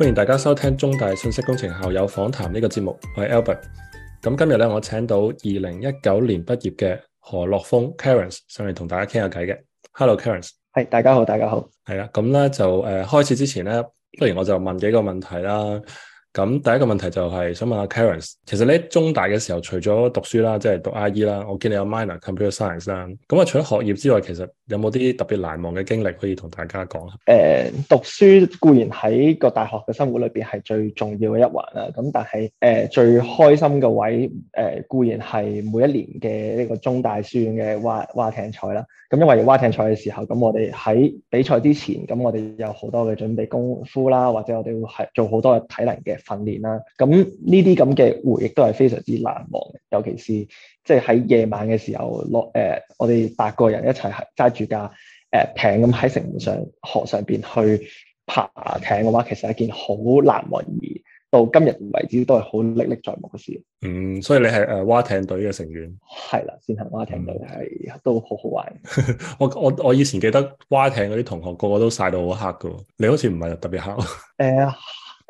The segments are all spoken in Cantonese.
歡迎大家收聽中大信息工程校友訪談呢個節目，我係 Albert。咁今日咧，我請到二零一九年畢業嘅何樂豐 （Clarence），上嚟同大家傾下偈嘅。Hello，Clarence。係大家好，大家好。係啦，咁咧就誒、呃、開始之前咧，不如我就問幾個問題啦。咁第一個問題就係想問下 Clarence，其實你中大嘅時候除咗讀書啦，即係讀 IE 啦，我見你有 minor computer science 啦，咁啊除咗學業之外，其實有冇啲特別難忘嘅經歷可以同大家講？誒，讀書固然喺個大學嘅生活裏邊係最重要嘅一環啦，咁但係誒、呃、最開心嘅位誒、呃、固然係每一年嘅呢個中大書院嘅劃劃艇賽啦。咁因為劃艇賽嘅時候，咁我哋喺比賽之前，咁我哋有好多嘅準備功夫啦，或者我哋會係做好多嘅體能嘅。訓練啦，咁呢啲咁嘅回憶都係非常之難忘，尤其是即係喺夜晚嘅時候落誒、呃，我哋八個人一齊揸住架誒、呃、艇咁喺城門上河上邊去爬艇嘅話，其實係件好難忘而到今日為止都係好歷歷在目嘅事。嗯，所以你係誒蛙艇隊嘅成員？係啦，先行蛙艇隊係、嗯、都好好玩 我。我我我以前記得蛙艇嗰啲同學個個都曬到好黑㗎喎，你好似唔係特別黑。誒、呃。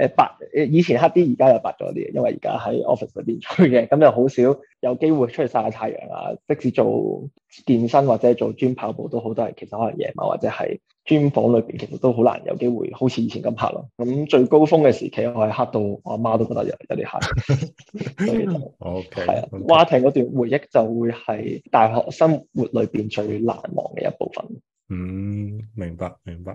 誒白誒以前黑啲，而家又白咗啲，因為而家喺 office 裏邊吹嘅，咁又好少有機會出去曬太陽啊。即使做健身或者做專跑步都好，多人，其實可能夜晚或者係專房裏邊，其實都好難有機會好似以前咁黑咯。咁最高峰嘅時期，我係黑到我阿媽，媽都覺得有有啲黑。O K，係啊，划艇嗰段回憶就會係大學生活裏邊最難忘嘅一部分。嗯，明白明白。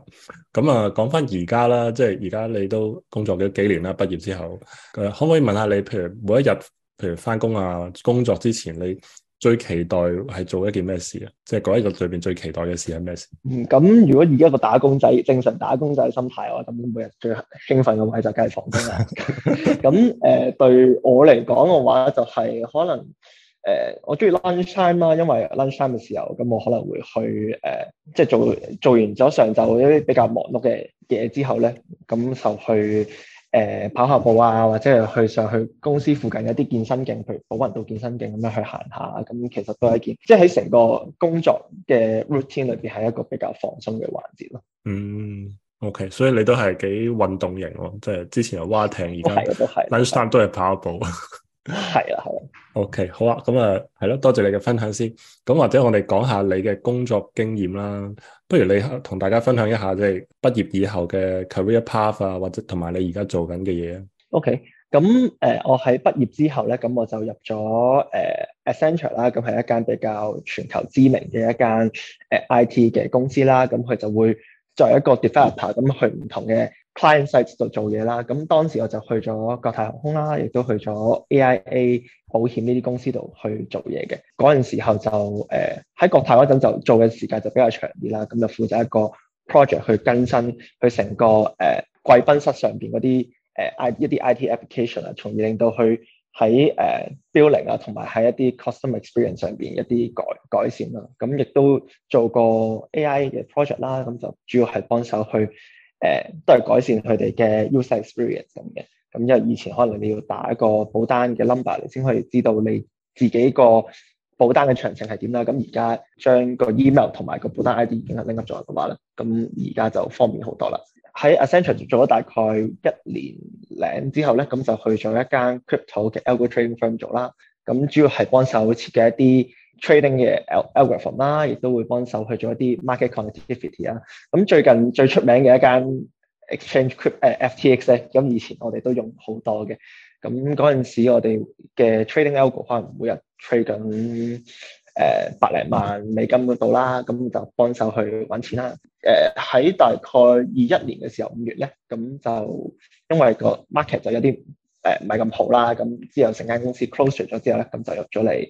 咁啊，講翻而家啦，即係而家你都工作咗幾年啦，畢業之後，誒，可唔可以問下你，譬如每一日，譬如翻工啊，工作之前，你最期待係做一件咩事啊？即係嗰一日裏邊最期待嘅事係咩事？嗯，咁如果而家個打工仔，正常打工仔心態嘅話，咁每日最興奮嘅位就梗係放工啦。咁誒、 呃，對我嚟講嘅話，就係可能。誒、呃，我中意 lunchtime 啦，因為 lunchtime 嘅時、時候，咁我可能會去誒、呃，即係做做完咗上晝一啲比較忙碌嘅嘢之後咧，咁就去誒、呃、跑下步啊，或者係去上去公司附近一啲健身徑，譬如寶雲道健身徑咁樣去行下，咁其實都係一件，嗯、即係喺成個工作嘅 routine 裏邊係一個比較放鬆嘅環節咯。嗯，OK，所以你都係幾運動型咯，即係之前有蛙艇，而家 lunchtime 都係跑步。 係啊，係啊，OK，好啊，咁啊，係咯，多謝你嘅分享先。咁或者我哋講下你嘅工作經驗啦。不如你同大家分享一下即係畢業以後嘅 career path 啊，或者同埋你而家做緊嘅嘢啊。OK，咁誒，我喺畢業之後咧，咁我就入咗誒 Accenture 啦，咁、呃、係一間比較全球知名嘅一間誒 IT 嘅公司啦。咁佢就會作為一個 developer 咁、嗯、去唔同嘅。client sites 度做嘢啦，咁當時我就去咗國泰航空啦，亦都去咗 AIA 保險呢啲公司度去做嘢嘅。嗰陣時候就誒喺國泰嗰陣就做嘅時間就比較長啲啦，咁就負責一個 project 去更新，去成個誒貴賓室上邊嗰啲誒 I 一啲 IT application 啊，從而令到佢喺誒 building 啊，同埋喺一啲 customer experience 上邊一啲改改善啊，咁亦都做過 AI 嘅 project 啦，咁就主要係幫手去。誒都係改善佢哋嘅 user experience 嘅，咁因為以前可能你要打一個保單嘅 number 嚟先可以知道你自己個保單嘅詳情係點啦，咁而家將個 email 同埋個保單 ID 已經係拎咗嘅話咧，咁而家就方便好多啦。喺 Accenture 做咗大概一年零之後咧，咁就去咗一間 crypto 嘅 algo trading firm 做啦，咁主要係幫手設計一啲。trading 嘅 algorithm 啦，亦都會幫手去做一啲 market connectivity 啊。咁最近最出名嘅一間 exchange 誒 FTX 咧、啊，咁以前我哋都用好多嘅。咁嗰陣時我哋嘅 trading algo 可能每日 trading 緊誒、呃、百零萬美金嗰度啦，咁、啊、就幫手去揾錢啦。誒、啊、喺大概二一年嘅時候五月咧，咁就因為個 market 就有啲誒唔係咁好啦，咁之後成間公司 close 咗之後咧，咁就入咗嚟。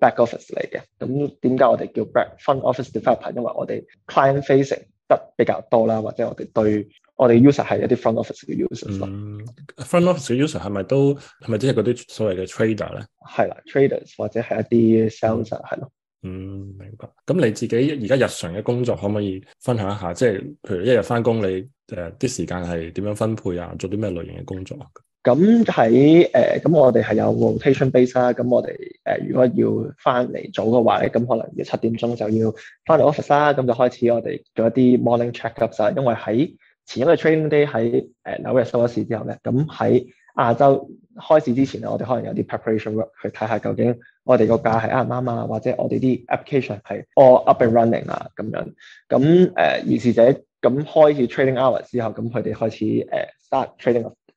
Back office 嚟嘅，咁點解我哋叫 Back front Office Developer？因為我哋 client facing 得比較多啦，或者我哋對我哋 user 係一啲 front office 嘅 user。嗯，front office 嘅 user 係咪都係咪即係嗰啲所謂嘅 trader 咧？係啦，traders 或者係一啲 sales 係咯的。嗯，明白。咁你自己而家日常嘅工作可唔可以分享一下？即係譬如一日翻工，你誒啲時間係點樣分配啊？做啲咩類型嘅工作啊？咁喺誒咁我哋係有 rotation base 啦，咁我哋誒、呃、如果要翻嚟早嘅話咧，咁可能要七點鐘就要翻嚟 office 啦，咁就開始我哋做一啲 morning checkup 喇，ups, 因為喺前一個日 trading day 喺誒紐約收咗市之後咧，咁喺亞洲開市之前咧，我哋可能有啲 preparation work 去睇下究竟我哋個價係啱唔啱啊，或者我哋啲 application 係 all up and running 啊咁樣。咁誒於是者咁開始 trading hour 之後，咁佢哋開始誒 start trading up。呃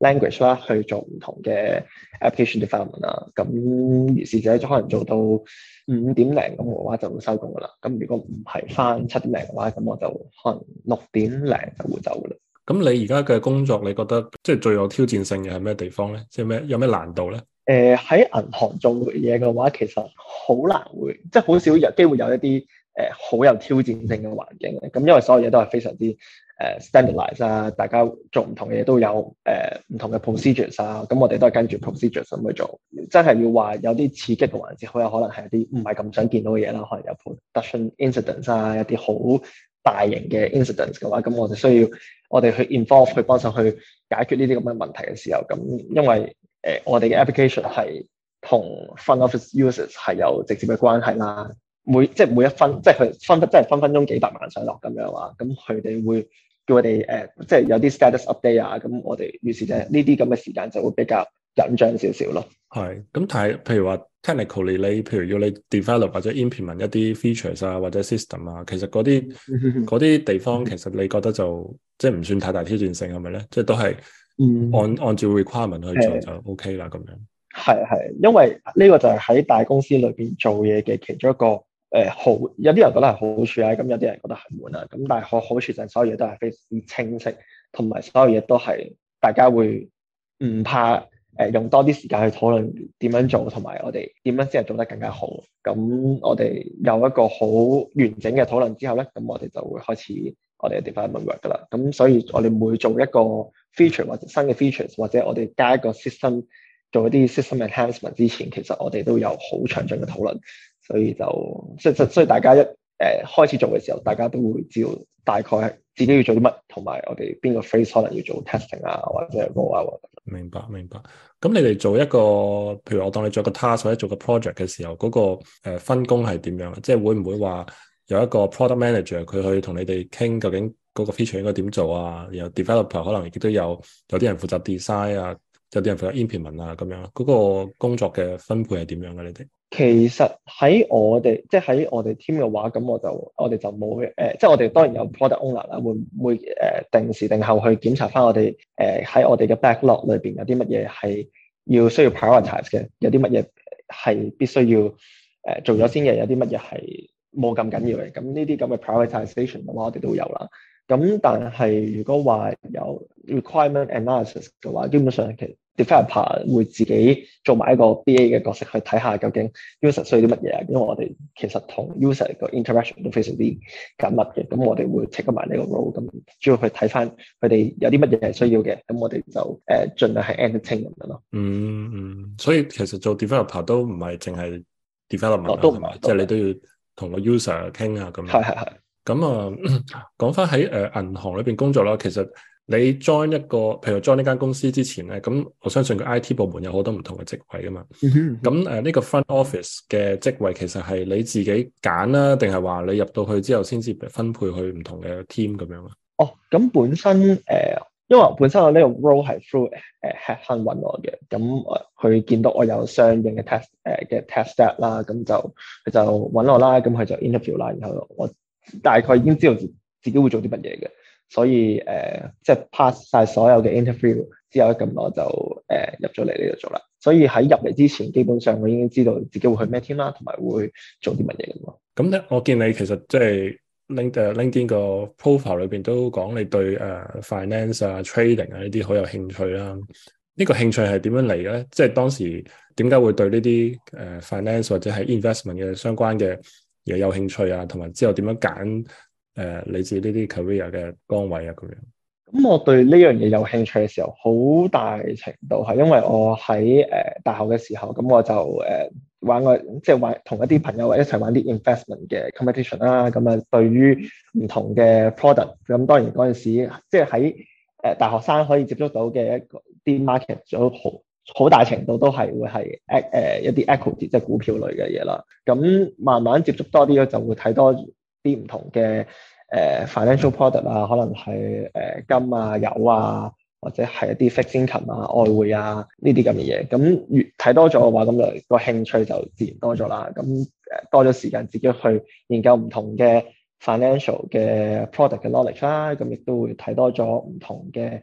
language 啦去做唔同嘅 application development 啦、啊，咁如是者就可能做到五點零咁嘅話就會收工噶啦。咁如果唔係返七點零嘅話，咁我就可能六點零就會走噶啦。咁你而家嘅工作，你覺得即係最有挑戰性嘅係咩地方咧？即係咩有咩難度咧？誒、呃，喺銀行做嘢嘅話，其實好難會，即係好少有機會有一啲誒、呃、好有挑戰性嘅環境嘅。咁因為所有嘢都係非常之。誒 standardize 啊，Standard ize, 大家做唔同嘅嘢都有誒唔、呃、同嘅 procedures 啊，咁我哋都係跟住 procedures 咁去做。真係要話有啲刺激嘅環節，好有可能係一啲唔係咁想見到嘅嘢啦，可能有 production incidents 啊，一啲好大型嘅 incidents 嘅話，咁我哋需要我哋去 involve 去幫手去解決呢啲咁嘅問題嘅時候，咁因為誒、呃、我哋嘅 application 係同 front office users 係有直接嘅關係啦，每即係每一分，即係佢分即係分,分分鐘幾百萬上落咁樣話，咁佢哋會。叫我哋誒、呃，即係有啲 status update 啊，咁我哋於是就呢啲咁嘅時間就會比較緊張少少咯。係，咁但係譬如話 technically 你譬如要你 develop 或者 implement 一啲 features 啊，或者 system 啊，其實嗰啲啲地方其實你覺得就 即係唔算太大挑戰性係咪咧？即係都係按、 嗯、按照 requirement 去做就 OK 啦咁的樣。係係，因為呢個就係喺大公司裏邊做嘢嘅其中一個。誒好，有啲人覺得係好處啊，咁有啲人覺得係悶啊，咁但係好好處就係所有嘢都係非常之清晰，同埋所有嘢都係大家會唔怕誒用多啲時間去討論點樣做，同埋我哋點樣先係做得更加好。咁我哋有一個好完整嘅討論之後咧，咁我哋就會開始我哋嘅 development work 噶啦。咁所以，我哋每做一個 feature 或者新嘅 features，或者我哋加一個 system 做一啲 system enhancement 之前，其實我哋都有好詳盡嘅討論。所以就，所以所以大家一，誒、呃、開始做嘅時候，大家都會知道大概係自己要做啲乜，同埋我哋邊個 phase 可能要做 testing 啊，或者係冇啊，或者。明白明白，咁你哋做一個，譬如我當你做一個 task 或者做個 project 嘅時候，嗰、那個誒、呃、分工係點樣？啊，即係會唔會話有一個 product manager 佢去同你哋傾究竟嗰個 feature 應該點做啊？然後 developer 可能亦都有，有啲人負責 design 啊，有啲人負責 implementation 啊，咁樣、那個工作嘅分配係點樣嘅？你哋？其實喺我哋，即係喺我哋 team 嘅話，咁我就我哋就冇誒、呃，即係我哋當然有 product owner 啦，會會誒定時定候去檢查翻我哋誒喺我哋嘅 backlog 裏邊有啲乜嘢係要需要 prioritize 嘅，有啲乜嘢係必須要誒做咗先嘅，有啲乜嘢係冇咁緊要嘅。咁呢啲咁嘅 prioritization 嘅話，我哋都有啦。咁但係如果話有 requirement analysis 嘅話，基本上其實。developer 會自己做埋一個 BA 嘅角色去睇下究竟 user 需要啲乜嘢，因為我哋其實同 user 個 interaction 都非常之緊密嘅，咁我哋會 take 埋呢個 role，咁主要去睇翻佢哋有啲乜嘢係需要嘅，咁我哋就誒盡量係 ending 咁樣咯。嗯，所以其實做 developer 都唔係淨係 development 問題，即係你都要同個 user 傾啊咁。係係係。咁啊那，講翻喺誒銀行裏邊工作啦，其實。你 join 一個，譬如 join 呢間公司之前咧，咁我相信佢 IT 部門有好多唔同嘅職位噶嘛。咁誒，呢個 front office 嘅職位其實係你自己揀啦，定係話你入到去之後先至分配去唔同嘅 team 咁樣啊？哦，咁本身誒、呃，因為本身我呢個 role 係 through 誒、呃、headhunt 搵我嘅，咁佢見到我有相應嘅 test 誒、呃、嘅 test step 啦，咁就佢就搵我啦，咁佢就 interview 啦，然後我大概已經知道自己自己會做啲乜嘢嘅。所以誒、呃，即係 pass 晒所有嘅 interview 之後，咁耐就誒入咗嚟呢度做啦。所以喺入嚟之前，基本上我已經知道自己會去咩 team 啦，同埋會做啲乜嘢咁咯。咁咧，我見你其實、就是、即係 link 誒 LinkedIn 個 profile 裏邊都講你對誒 finance、呃、啊、trading 啊呢啲好有興趣啦。呢、啊這個興趣係點樣嚟嘅咧？即、就、係、是、當時點解會對呢啲誒 finance 或者係 investment 嘅相關嘅嘢有興趣啊？同埋之後點樣揀？誒，嚟自呢啲 career 嘅崗位啊，咁樣。咁我對呢樣嘢有興趣嘅時候，好大程度係因為我喺誒大學嘅時候，咁我就誒、呃、玩個，即係玩同一啲朋友一齊玩啲 investment 嘅 competition 啦。咁啊，嗯嗯、對於唔同嘅 product，咁當然嗰陣時，即係喺誒大學生可以接觸到嘅一個啲 market，都好好大程度都係會係誒誒一啲 equity，即係股票類嘅嘢啦。咁慢慢接觸多啲，就會睇多。啲唔同嘅誒、呃、financial product 啊，可能係誒金啊、油啊，或者係一啲 fixed income 啊、外匯啊呢啲咁嘅嘢。咁越睇多咗嘅話，咁就個興趣就自然多咗啦。咁誒多咗時間自己去研究唔同嘅 financial 嘅 product 嘅 knowledge 啦。咁亦都會睇多咗唔同嘅。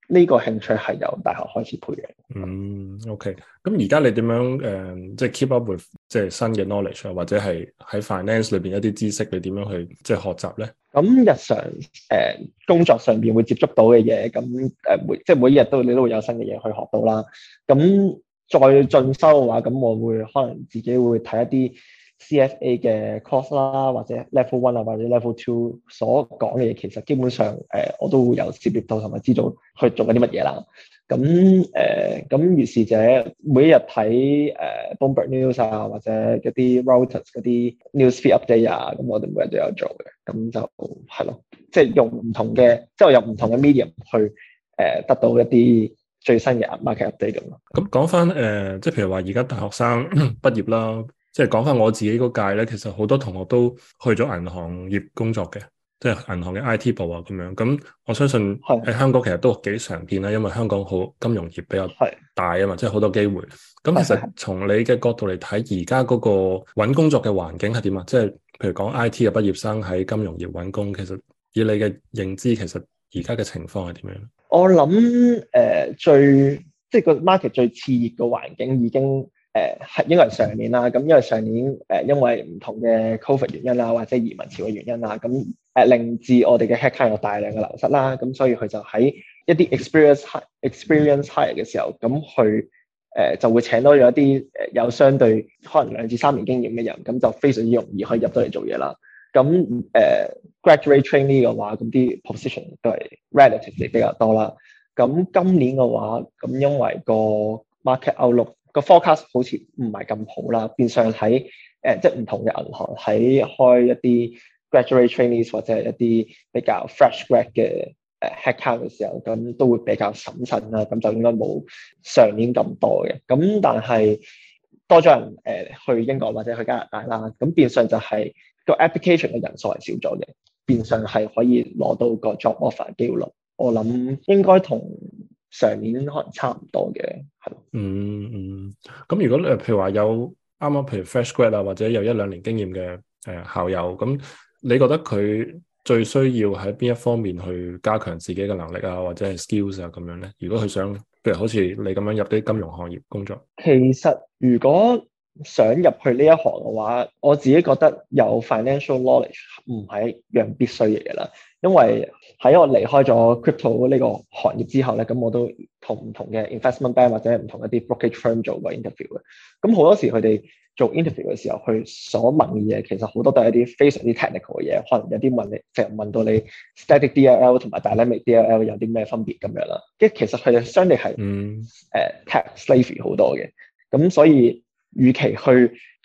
呢個興趣係由大學開始培養。嗯，OK。咁而家你點樣誒，即係 keep up with 即係新嘅 knowledge，或者係喺 finance 裏邊一啲知識，你點樣去即係、就是、學習咧？咁日常誒、uh, 工作上邊會接觸到嘅嘢，咁誒每即係、就是、每日都你都會有新嘅嘢去學到啦。咁再進修嘅話，咁我會可能自己會睇一啲。CFA 嘅 course 啦，或者 level one 啊，或者 level two 所講嘅嘢，其實基本上誒、呃、我都會有接觸到，同埋知道去做緊啲乜嘢啦。咁誒咁，如、呃、事者每日睇誒、呃、Bloomberg news 啊，或者一啲 Reuters 嗰啲 news feed update 啊，咁我哋每日都有做嘅。咁就係咯，即係、就是、用唔同嘅，即、就、係、是、用唔同嘅 medium 去誒、呃、得到一啲最新嘅 market update 咁咯。咁講翻誒，即係譬如話而家大學生 畢業啦。即係講翻我自己嗰屆咧，其實好多同學都去咗銀行業工作嘅，即係銀行嘅 IT 部啊咁樣。咁我相信喺香港其實都幾常見啦，因為香港好金融業比較大啊嘛，的即係好多機會。咁其實從你嘅角度嚟睇，而家嗰個搵工作嘅環境係點啊？即係譬如講 IT 嘅畢業生喺金融業搵工，其實以你嘅認知，其實而家嘅情況係點樣？我諗誒、呃，最即係個 market 最熾熱嘅環境已經。誒，係因為上年啦，咁因為上年誒，因為唔同嘅 COVID 原因啦，或者移民潮嘅原因啦，咁誒令至我哋嘅 headcount 有大量嘅流失啦，咁所以佢就喺一啲 ex experience experience hire 嘅時候，咁佢誒就會請到有一啲誒有相對可能兩至三年經驗嘅人，咁就非常之容易可以入到嚟做嘢啦。咁誒、呃、graduate training 嘅個話，咁啲 position 都係 relatively 比較多啦。咁今年嘅話，咁因為個 market outlook。個 forecast 好似唔係咁好啦，變相喺誒、呃、即係唔同嘅銀行喺開一啲 graduate trainees 或者係一啲比較 fresh grad 嘅誒 head 卡嘅時候，咁都會比較謹慎啦，咁就應該冇上年咁多嘅。咁但係多咗人誒、呃、去英國或者去加拿大啦，咁變相就係個 application 嘅人數係少咗嘅，變相係可以攞到個 job offer 機會率。我諗應該同上年可能差唔多嘅，係、嗯。嗯嗯，咁如果誒，譬如話有啱啱，剛剛譬如 fresh grad e 啊，或者有一兩年經驗嘅誒、呃、校友，咁你覺得佢最需要喺邊一方面去加強自己嘅能力啊，或者係 skills 啊咁樣咧？如果佢想，譬如好似你咁樣入啲金融行業工作，其實如果想入去呢一行嘅話，我自己覺得有 financial knowledge 唔係一樣必須嘢啦。因為喺我離開咗 crypto 呢個行業之後咧，咁我都同唔同嘅 investment bank 或者唔同一啲 broking firm 做過 interview 嘅。咁好多時佢哋做 interview 嘅時候，佢所問嘅嘢，其實好多都係一啲非常之 technical 嘅嘢，可能有啲問你成日問到你 static DLL 同埋 dynamic DLL 有啲咩分別咁樣啦。即其實佢哋相對係誒、嗯呃、tech slavery 好多嘅。咁所以與其去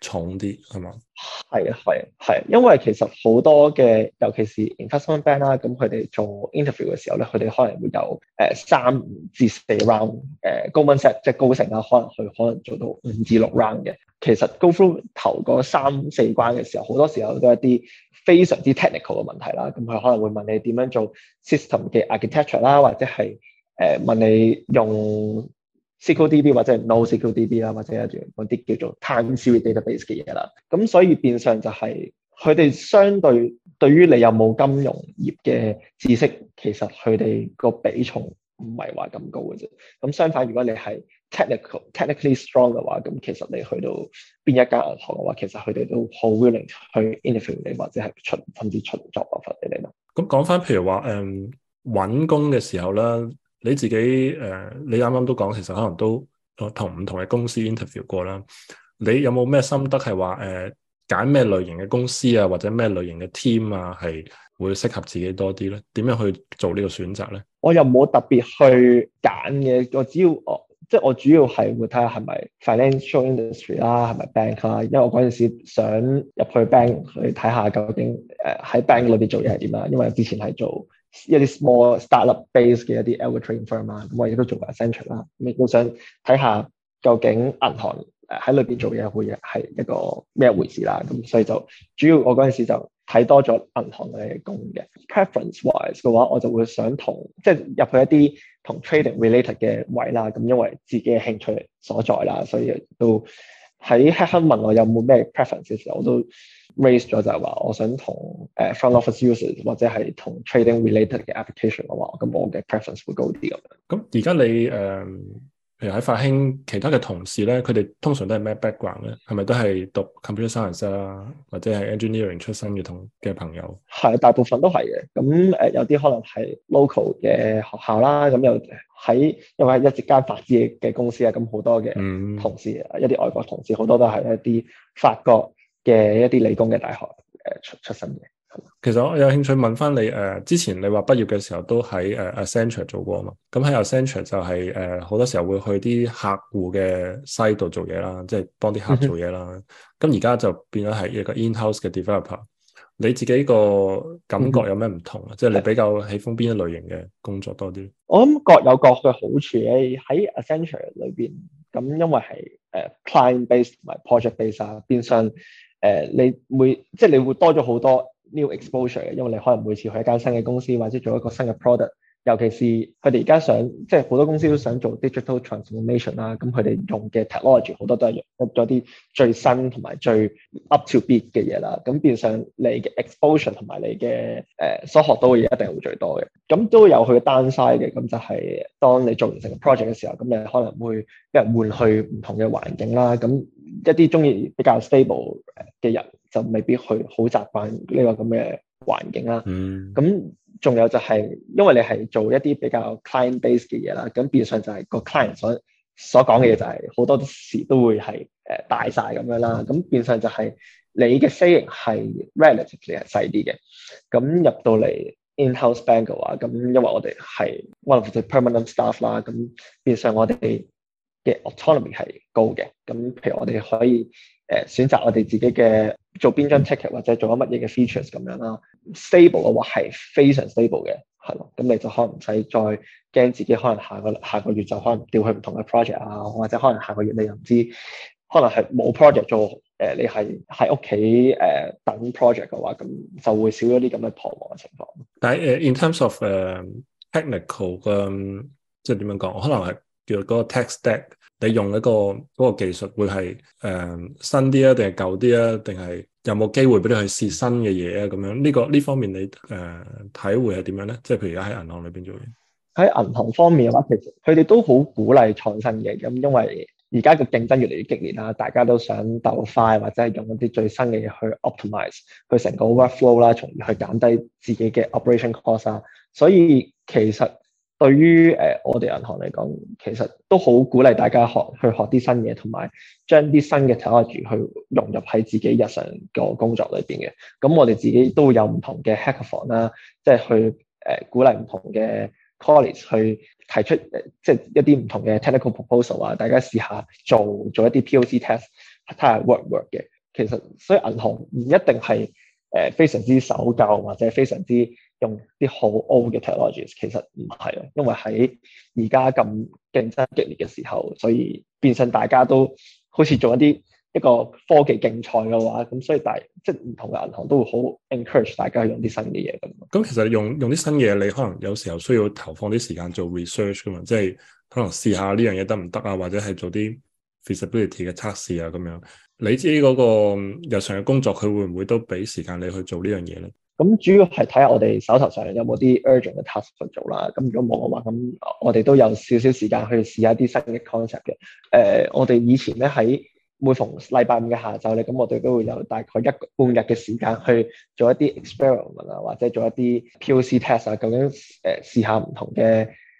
重啲係嘛？係啊係啊係，因為其實好多嘅，尤其是 investment、um、bank 啦，咁佢哋做 interview 嘅時候咧，佢哋可能會有誒三至四 round 誒、呃、高 round set，即係高成啊，可能佢可能做到五至六 round 嘅。其實 go through 頭嗰三四關嘅時候，好多時候都係一啲非常之 technical 嘅問題啦，咁佢可能會問你點樣做 system 嘅 architecture 啦，或者係誒、呃、問你用。SQL DB 或者 NoSQL DB 啦，或者一啲叫做 Time Series Database 嘅嘢啦，咁所以變相就係佢哋相對對於你有冇金融業嘅知識，其實佢哋個比重唔係話咁高嘅啫。咁相反，如果你係 technical technically strong 嘅話，咁其實你去到邊一間銀行嘅話，其實佢哋都好 willing 去 interview 你，或者係出甚至出作辦法俾你咯。咁講翻，譬如話誒揾工嘅時候咧。你自己誒、呃，你啱啱都講，其實可能都同唔同嘅公司 interview 過啦。你有冇咩心得係話誒，揀、呃、咩類型嘅公司啊，或者咩類型嘅 team 啊，係會適合自己多啲咧？點樣去做呢個選擇咧？我又冇特別去揀嘅，我只要我即係我主要係會睇下係咪 financial industry 啦、啊，係咪 bank 啦、啊。因為我嗰陣時想入去 bank 去睇下究竟誒喺 bank 裏邊做嘢係點啊，因為之前係做。一啲 small startup base 嘅一啲 alternative firm 啊，咁我亦都做過 Accenture 啦。咁我想睇下究竟銀行喺裏邊做嘢會係一個咩回事啦。咁所以就主要我嗰陣時就睇多咗銀行嘅工嘅。Preference wise 嘅話，我就會想同即係入去一啲同 trading related 嘅位啦。咁因為自己嘅興趣所在啦，所以都喺 head 問我有冇咩 preference 嘅時候，我都。raise 咗就係話，我想同誒、uh, front office users 或者係同 trading related 嘅 application 嘅話，咁我嘅 preference 會高啲咁。咁而家你誒、呃，譬如喺法興其他嘅同事咧，佢哋通常都係咩 background 咧？係咪都係讀 computer science 啦、啊，或者係 engineering 出身嘅同嘅朋友？係大部分都係嘅。咁誒，有啲可能係 local 嘅學校啦。咁又喺因為一間法資嘅公司啊。咁好多嘅同事，嗯、一啲外國同事好多都係一啲法國嘅一啲理工嘅大學，誒、呃、出出身嘅。其實我有興趣問翻你誒、呃，之前你話畢業嘅時候都喺誒 Accenture 做過啊嘛。咁喺 Accenture 就係誒好多時候會去啲客戶嘅 site 度做嘢啦，即、就、係、是、幫啲客做嘢啦。咁而家就變咗係一個 in-house 嘅 developer。你自己個感覺有咩唔同啊？即係、嗯、哼你比較喜歡邊一類型嘅工作多啲？我諗各有各嘅好處咧。喺 Accenture 裏邊，咁因為係誒 client base 同埋 project base 啊，變相。Based, 誒、呃，你每即係你會多咗好多 new exposure 嘅，因為你可能每次去一間新嘅公司，或者做一個新嘅 product。尤其是佢哋而家想，即係好多公司都想做 digital transformation 啦。咁佢哋用嘅 technology 好多都係用咗啲最新同埋最 up to date 嘅嘢啦。咁變相你嘅 exposure 同埋你嘅誒、呃、所學到嘅嘢一定會最多嘅。咁都有佢嘅 downside 嘅。咁就係、是、當你做完成 project 嘅時候，咁你可能會俾人換去唔同嘅環境啦。咁一啲鍾意比較 stable 嘅人就未必去好習慣呢個咁嘅環境啦，咁仲、嗯、有就係因為你係做一啲比較 client base 嘅嘢啦，咁變相就係個 client 所所講嘅嘢就係好多時都會係誒大晒咁樣啦，咁變相就係你嘅 scaling 係 relatively 係細啲嘅。咁入到嚟 in-house bank 嘅話，咁因為我哋係 one of the permanent staff 啦，咁變相我哋嘅 autonomy 係高嘅。咁譬如我哋可以誒、呃、選擇我哋自己嘅做邊張 ticket 或者做咗乜嘢嘅 features 咁樣啦，stable 嘅話係非常 stable 嘅，係咯，咁你就可能唔使再驚自己可能下個下個月就可能調去唔同嘅 project 啊，或者可能下個月你又唔知可能係冇 project 做，誒、呃、你係喺屋企誒等 project 嘅話，咁就會少咗啲咁嘅彷徨嘅情況。但係、uh, in terms of、uh, technical 即係點樣講？可能係叫個 text deck。你用一個嗰個技術會係誒、呃、新啲啊，定係舊啲啊，定係有冇機會俾你去試新嘅嘢啊？咁樣呢、這個呢方面你誒、呃、體會係點樣咧？即係譬如而家喺銀行裏邊做嘢，喺銀行方面嘅話，其實佢哋都好鼓勵創新嘅。咁因為而家個競爭越嚟越激烈啦，大家都想鬥快或者係用一啲最新嘅嘢去 optimize 去成個 workflow 啦，從而去減低自己嘅 operation cost。所以其實～對於誒我哋銀行嚟講，其實都好鼓勵大家學去學啲新嘢，同埋將啲新嘅 technology 去融入喺自己日常個工作裏邊嘅。咁我哋自己都會有唔同嘅 hackathon 啦，即係去誒鼓勵唔同嘅 colleagues 去提出即係一啲唔同嘅 technical proposal 啊，大家試下做做一啲 POC test，睇下 work 唔 work 嘅。其實所以銀行唔一定係誒非常之守舊或者非常之用啲好 old 嘅 technologies 其實唔係啊，因為喺而家咁競爭激烈嘅時候，所以變相大家都好似做一啲一個科技競賽嘅話，咁所以大即係唔同嘅銀行都會好 encourage 大家用啲新嘅嘢咁。咁其實用用啲新嘢，你可能有時候需要投放啲時間做 research 嘅嘛，即係可能試下呢樣嘢得唔得啊，或者係做啲 feasibility 嘅測試啊咁樣，你知嗰個日常嘅工作，佢會唔會都俾時間你去做呢樣嘢咧？咁主要係睇下我哋手頭上有冇啲 urgent 嘅 task 去做啦。咁如果冇嘅話，咁我哋都有少少時間去試下啲新嘅 concept 嘅。誒、呃，我哋以前咧喺每逢禮拜五嘅下晝咧，咁我哋都會有大概一個半日嘅時間去做一啲 experiment 啊，或者做一啲 POC test 啊，究竟誒試下唔同嘅。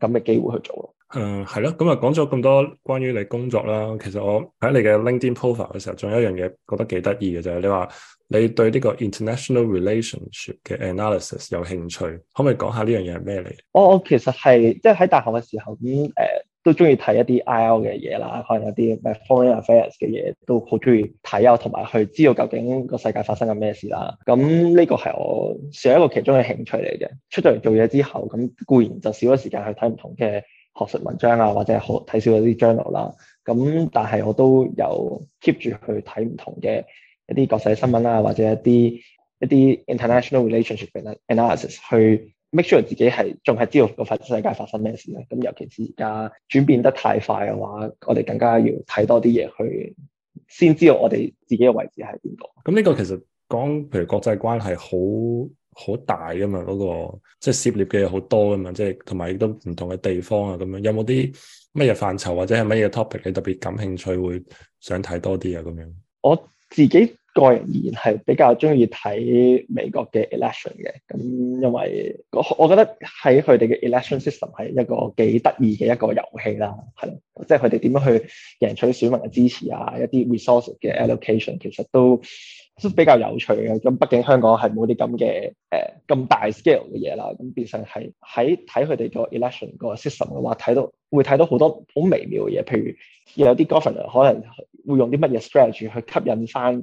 咁嘅機會去做咯，嗯，係咯，咁啊講咗咁多關於你工作啦，其實我喺你嘅 LinkedIn profile 嘅時候，仲有一樣嘢覺得幾得意嘅就係、是、你話你對呢個 international relationship 嘅 analysis 有興趣，可唔可以講下呢樣嘢係咩嚟？我、哦、我其實係即係喺大學嘅時候已經誒。呃都中意睇一啲 I.O. 嘅嘢啦，可能有啲咩 Foreign Affairs 嘅嘢都好中意睇啊，同埋去知道究竟個世界發生緊咩事啦。咁呢個係我上一個其中嘅興趣嚟嘅。出咗嚟做嘢之後，咁固然就少咗時間去睇唔同嘅學術文章啊，或者好睇少咗啲 journal 啦、啊。咁但係我都有 keep 住去睇唔同嘅一啲國際新聞啊，或者一啲一啲 International Relationship analysis 去。Make sure 自己係仲係知道個世界發生咩事咧，咁尤其是而家轉變得太快嘅話，我哋更加要睇多啲嘢去先知道我哋自己嘅位置喺邊個。咁呢個其實講譬如國際關係好好大㗎嘛，嗰個即係涉獵嘅嘢好多㗎嘛，即係同埋亦都唔同嘅地方啊咁樣。有冇啲乜嘢範疇或者係乜嘢 topic 你特別感興趣會想睇多啲啊咁樣？我自己，個人而言係比較中意睇美國嘅 election 嘅，咁因為我我覺得喺佢哋嘅 election system 係一個幾得意嘅一個遊戲啦，係咯，即係佢哋點樣去贏取選民嘅支持啊，一啲 resource 嘅 allocation 其實都都比較有趣嘅。咁畢竟香港係冇啲咁嘅誒咁大 scale 嘅嘢啦，咁變成係喺睇佢哋個 election 個 system 嘅話，睇到會睇到好多好微妙嘅嘢，譬如有啲 governor 可能會用啲乜嘢 strategy 去吸引翻。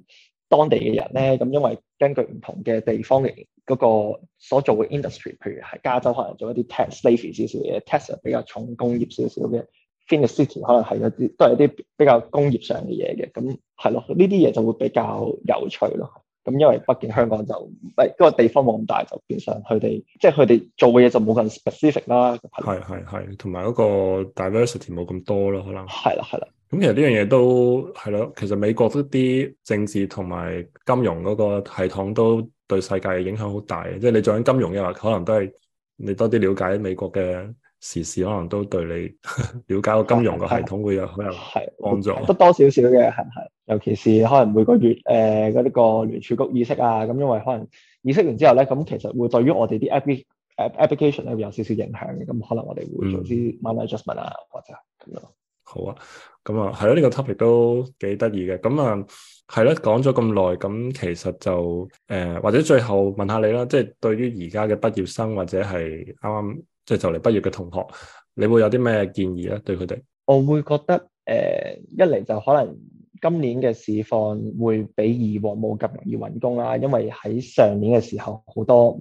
當地嘅人咧，咁因為根據唔同嘅地方嚟，嗰個所做嘅 industry，譬如係加州可能做一啲 tax，levy 少少嘅 tax 比較重工業少少嘅，finance city 可能係一啲都係一啲比較工業上嘅嘢嘅，咁係咯，呢啲嘢就會比較有趣咯。咁因為畢竟香港就係、嗰個地方冇咁大，就變相佢哋即係佢哋做嘅嘢就冇咁 specific 啦。係係係，同埋嗰個 diversity 冇咁多咯，可能係啦係啦。咁其實呢樣嘢都係咯，其實美國啲政治同埋金融嗰個系統都對世界嘅影響好大嘅，即係你做緊金融嘅話，可能都係你多啲了解美國嘅時事，可能都對你了解個金融個系統會有好有幫助，得多少少嘅係係，尤其是可能每個月誒嗰一個聯儲局議息啊，咁因為可能議息完之後咧，咁其實會對於我哋啲 application 咧有少少影響嘅，咁可能我哋會做啲 minor adjustment 啊，或者咁樣。好啊，咁、嗯、啊，係咯，呢個 topic 都幾得意嘅，咁啊係咯，講咗咁耐，咁其實就誒、呃、或者最後問下你啦，即係對於而家嘅畢業生或者係啱啱即係就嚟畢業嘅同學，你會有啲咩建議咧？對佢哋，我會覺得誒、呃，一嚟就可能今年嘅市況會比以往冇咁容易揾工啦，因為喺上年嘅時候好多。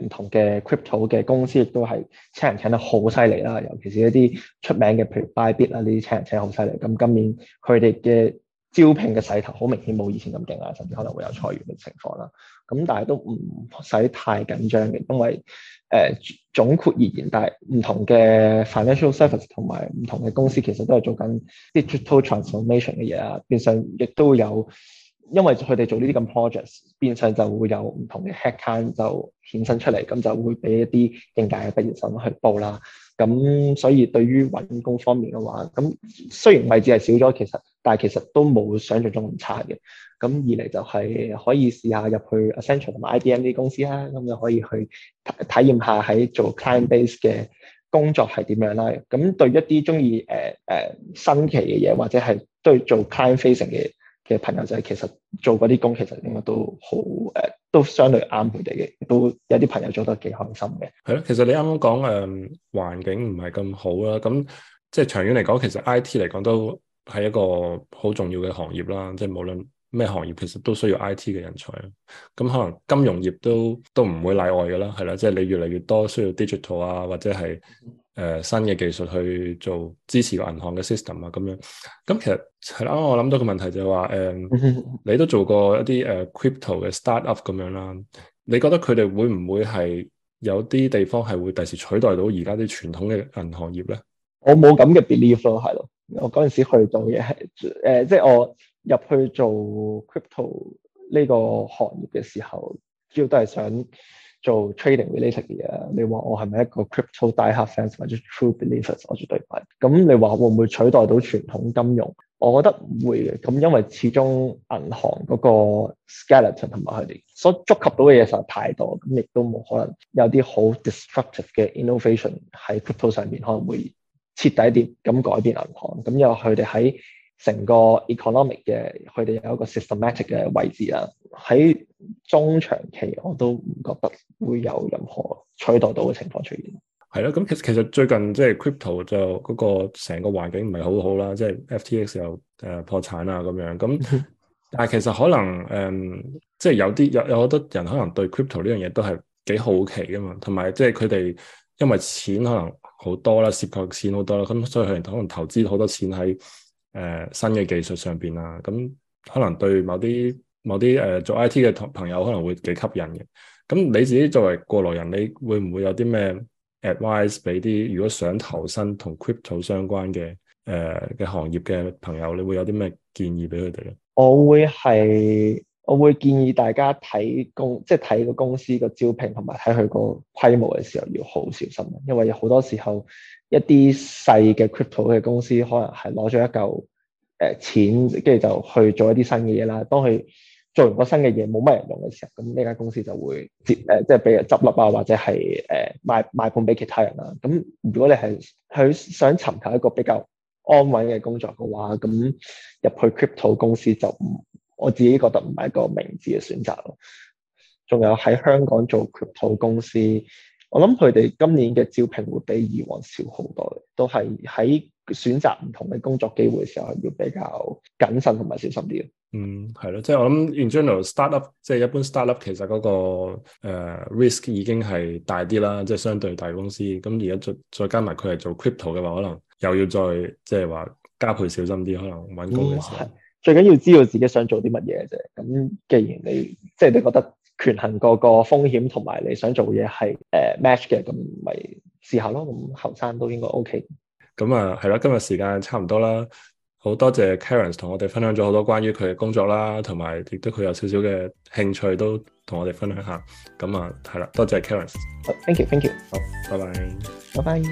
誒唔同嘅 crypto 嘅公司亦都係請人請得好犀利啦，尤其是一啲出名嘅，譬如 Bybit 啊，呢啲請人請得好犀利。咁今年佢哋嘅招聘嘅勢頭好明顯冇以前咁勁啦，甚至可能會有裁員嘅情況啦。咁但係都唔使太緊張嘅，因為誒、呃、總括而言，但係唔同嘅 financial service 同埋唔同嘅公司其實都係做緊 digital transformation 嘅嘢啊，變相亦都有。因為佢哋做呢啲咁 project，變相就會有唔同嘅 headcount 就衍生出嚟，咁就會俾一啲應屆嘅畢業生去報啦。咁所以對於揾工方面嘅話，咁雖然位置係少咗，其實但係其實都冇想象中咁差嘅。咁二嚟就係可以試下入去 Accenture 同埋 IBM 啲公司啦，咁就可以去體驗下喺做 client base 嘅工作係點樣啦。咁對一啲中意誒誒新奇嘅嘢，或者係對做 client facing 嘅。嘅朋友就係，其實做嗰啲工其實應該都好誒、呃，都相對啱佢哋嘅，都有啲朋友做得幾開心嘅。係咯， 其實你啱啱講誒環境唔係咁好啦，咁即係長遠嚟講，其實 IT 嚟講都係一個好重要嘅行業啦。即係無論咩行業，其實都需要 IT 嘅人才。咁可能金融業都都唔會例外噶啦，係啦，即係你越嚟越多需要 Digital 啊，或者係。誒、呃，新嘅技術去做支持銀行嘅 system 啊，咁樣，咁其實係啦，我諗到個問題就係話，誒、呃， 你都做過一啲誒、呃、crypto 嘅 startup 咁樣啦，你覺得佢哋會唔會係有啲地方係會第時取代到而家啲傳統嘅銀行業咧？我冇咁嘅 belief 咯，係、呃、咯，我嗰陣時去做嘢係，誒，即係我入去做 crypto 呢個行業嘅時候，主要都係想。做 trading related 嘅嘢，你話我係咪一個 crypto die-hard fans 或者 true believers 我絕對唔係。咁你話會唔會取代到傳統金融？我覺得唔會嘅，咁因為始終銀行嗰個 skeleton 同埋佢哋所觸及到嘅嘢實在太多，咁亦都冇可能有啲好 destructive 嘅 innovation 喺 crypto 上面可能會徹底啲咁改變銀行。咁又佢哋喺成個 economic 嘅，佢哋有一個 systematic 嘅位置啦。喺中長期，我都唔覺得會有任何取代到嘅情況出現。係咯，咁其實其實最近即係 crypto 就嗰個成個環境唔係好好啦，即係 FTX 又誒破產啊咁樣。咁但係其實可能誒、嗯，即係有啲有有好多人可能對 crypto 呢樣嘢都係幾好奇㗎嘛。同埋即係佢哋因為錢可能好多啦，涉及錢好多啦，咁所以佢哋可能投資好多錢喺。誒、呃，新嘅技術上邊啦，咁、嗯、可能對某啲某啲誒、呃、做 IT 嘅同朋友可能會幾吸引嘅。咁、嗯、你自己作為過來人，你會唔會有啲咩 advice 俾啲如果想投身同 crypto 相關嘅誒嘅行業嘅朋友，你會有啲咩建議俾佢哋咧？我會係，我會建議大家睇公，即係睇個公司個招聘同埋睇佢個規模嘅時候要好小心，因為好多時候。一啲細嘅 crypto 嘅公司，可能係攞咗一嚿誒錢，跟住就去做一啲新嘅嘢啦。當佢做完個新嘅嘢，冇乜人用嘅時候，咁呢間公司就會接誒、呃，即係俾人執笠啊，或者係誒、呃、賣賣盤俾其他人啦。咁如果你係佢想尋求一個比較安穩嘅工作嘅話，咁入去 crypto 公司就，唔，我自己覺得唔係一個明智嘅選擇咯。仲有喺香港做 crypto 公司。我諗佢哋今年嘅招聘會比以往少好多，都係喺選擇唔同嘅工作機會嘅時候要比較謹慎同埋小心啲。嗯，係咯，即係我諗，in general，startup 即係一般 startup 其實嗰個誒 risk 已經係大啲啦，即係相對大公司。咁而家再再加埋佢係做 crypto 嘅話，可能又要再即係話加倍小心啲，可能揾工嘅時候。嗯，係最緊要知道自己想做啲乜嘢啫。咁既然你即係你覺得。權衡個個風險同埋你想做嘢係誒 match 嘅，咁、呃、咪試下咯。咁後生都應該 OK。咁啊，係啦，今日時間差唔多啦。好多謝 Clarence 同我哋分享咗好多關於佢嘅工作啦，同埋亦都佢有少少嘅興趣都同我哋分享下。咁啊，係啦，多謝 Clarence。Thank you, thank you。好，拜拜。拜拜。